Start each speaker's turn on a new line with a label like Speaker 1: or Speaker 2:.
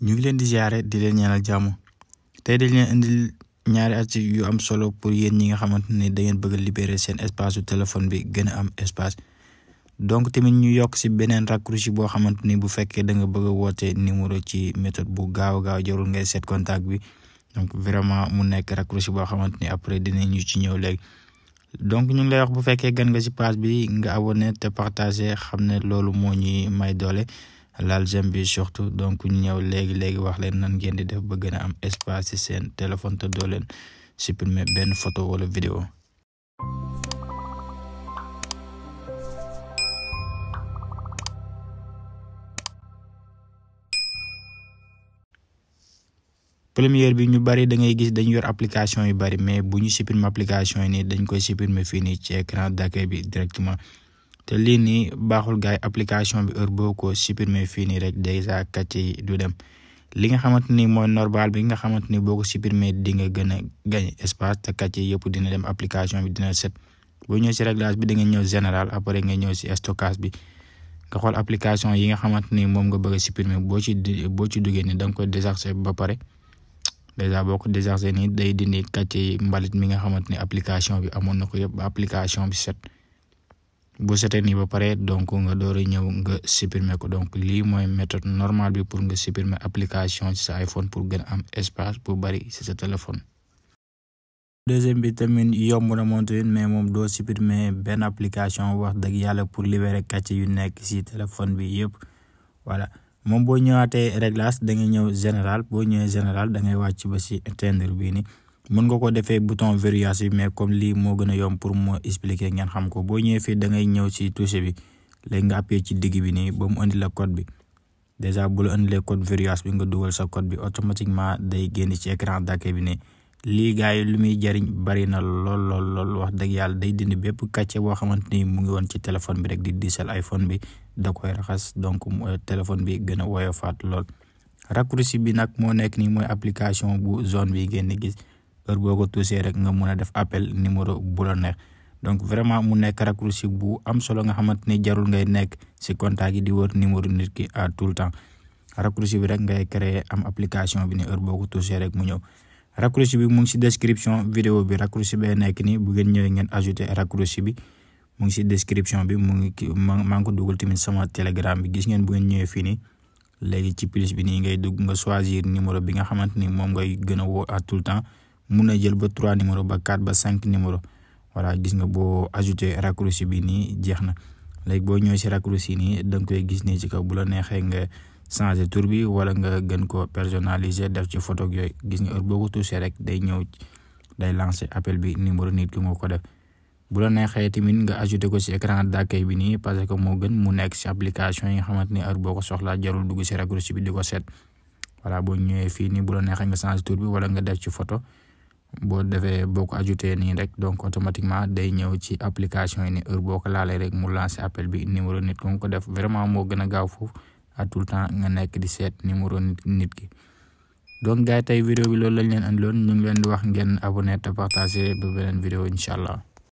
Speaker 1: ñu ngi leen di ziare di leen ñaanal jàmm tey dañ leen indil ñaari article yu am solo pour yéen ñi nga xamante ne da ngeen bëgg a seen espace su bi gën a am espace donc tamit ñu yokk si beneen raccourci boo xamante ni bu fekkee da nga bëgg a woote numéro ci méthode bu gaaw gaaw jarul ngay seet contact bi donc vraiment mu nekk raccourci boo xamante ni après dinañu ci ñëw léegi. donc ñu ngi lay wax bu fekkee gan nga si page bi nga abonné te partagé xam ne loolu moo ñuy may doole. laal j'aime bi surtout donc ñëw léegi léegi wax leen nan ngeen di def ba gën a am espace ci seen téléphone te doo leen supprimer benn photo wala vidéo première bi ñu bari da ngay gis dañu yor application yu bari mais bu ñu supprimer application yi nii dañ koy supprimer fii nii ci écran d'accueil bi directement te lii nii baaxul gaay application bi heure boo ko supprimer fii nii rek dèjà kàcce yi du dem li nga xamante ni mooy normal bi nga xamante ni boo ko supprimer di nga gën a gañ espace te kàcce yëpp dina dem application bi dina set boo ñëw si réglage bi da nga ñëw général après nga ñëw si stockage bi nga xool application yi nga xamante ni moom nga bëgg a boo ci boo ci duggee ni da nga koy décharger ba pare dèjà boo ko décharger nii day dini kàcce yi mbalit mi nga xamante ni application bi amoon na ko yëpp application bi set. bu setee nii ba pare donc nga door a ñëw nga supprimer ko donc lii mooy méthode normale bi pour nga supprimer application ci sa iPhone pour gën a am espace bu bari si sa téléphone. deuxième bi tamit yomb na moom tamit mais moom doo supprimer benn application wax dëgg yàlla pour libérer kàcce yu nekk ci téléphone bi yëpp wala moom boo ñëwaatee réglage da ngay ñëw général boo ñëwee général da ngay wàcc ba si éteindre bii nii. mën nga ko defee bouton verrouillage bi mais comme lii moo gën a yomb pour mu expliquer ngeen xam ko boo ñëwee fii da ngay ñëw si touche bi léegi nga appuyé ci digg bi nii ba mu indi bi dèjà bu la indilee code bi nga dugal sa code bi automatiquement day génn ci écran bi nii lii yi lu muy jariñ bari na lool lool lool dëgg yàlla day dindi bépp kàcce boo xamante ni mu ngi woon ci téléphone bi rek di diisal iPhone bi da koy raxas donc euh, téléphone bi gën a woyofaat lool raccourci bi nag moo nekk nii mooy application bu zone bi ngeen di gis. heure boo ko touché rek nga mën a def appel numéro bu la neex donc vraiment mu nekk raccourci bu am solo nga xamante ni jarul ngay nekk si contact yi di wër numéro nit ki à tout le temps raccourci bi rek ngay créer am bi ni heure boo ko touché rek mu ñëw raccourci bi mu ngi si description vidéo bi raccourci bee nekk ni bu ngeen ñëwee ngeen ajouté raccourci bi mu ngi si description bi mu ngi maa ngi ko dugal tamit sama telegram bi gis ngeen bu ngeen ñëwee fii nii léegi ci plus bi nii ngay dugg nga choisir numéro bi nga xamante ni moom ngay gën a woo à tout le temps mun na jël ba trois numéro ba quatre ba cinq numéro voilà gis nga boo ajouté raccourci bi nii jeex na léegi boo ñëwee si raccourci nii da nga koy gis nii ci kaw bu la neexee nga changer tour bi wala nga gën ko personnaliser def ci photo yooyu gis nga boo ko touché rek day ñëw day lancer appel bi numéro nit moo ko def bu la neexee tamit nga ajouté ko si écran d'accueil bi nii parce que moo gën mu nekk si application yi nga xamante ni heure boo ko soxla jarul dugg si raccourci bi di ko seet voilà boo ñëwee fii ni bu la neexee nga changer tour bi wala nga def ci photo boo defee boo ko ajouté nii rek donc automatiquement day ñëw ci application yi ni heure boo ko laalee rek mu lancer appel bi numéro nit ko nga def vraiment moo gën a gaaw foofu à tout le temps nga nekk di seet numéro nit nit ki donc gars yi tey vidéo bi loolu lañ leen andiloon ñu ngi leen di wax ngeen abonné te partagé ba beneen vidéo incha allah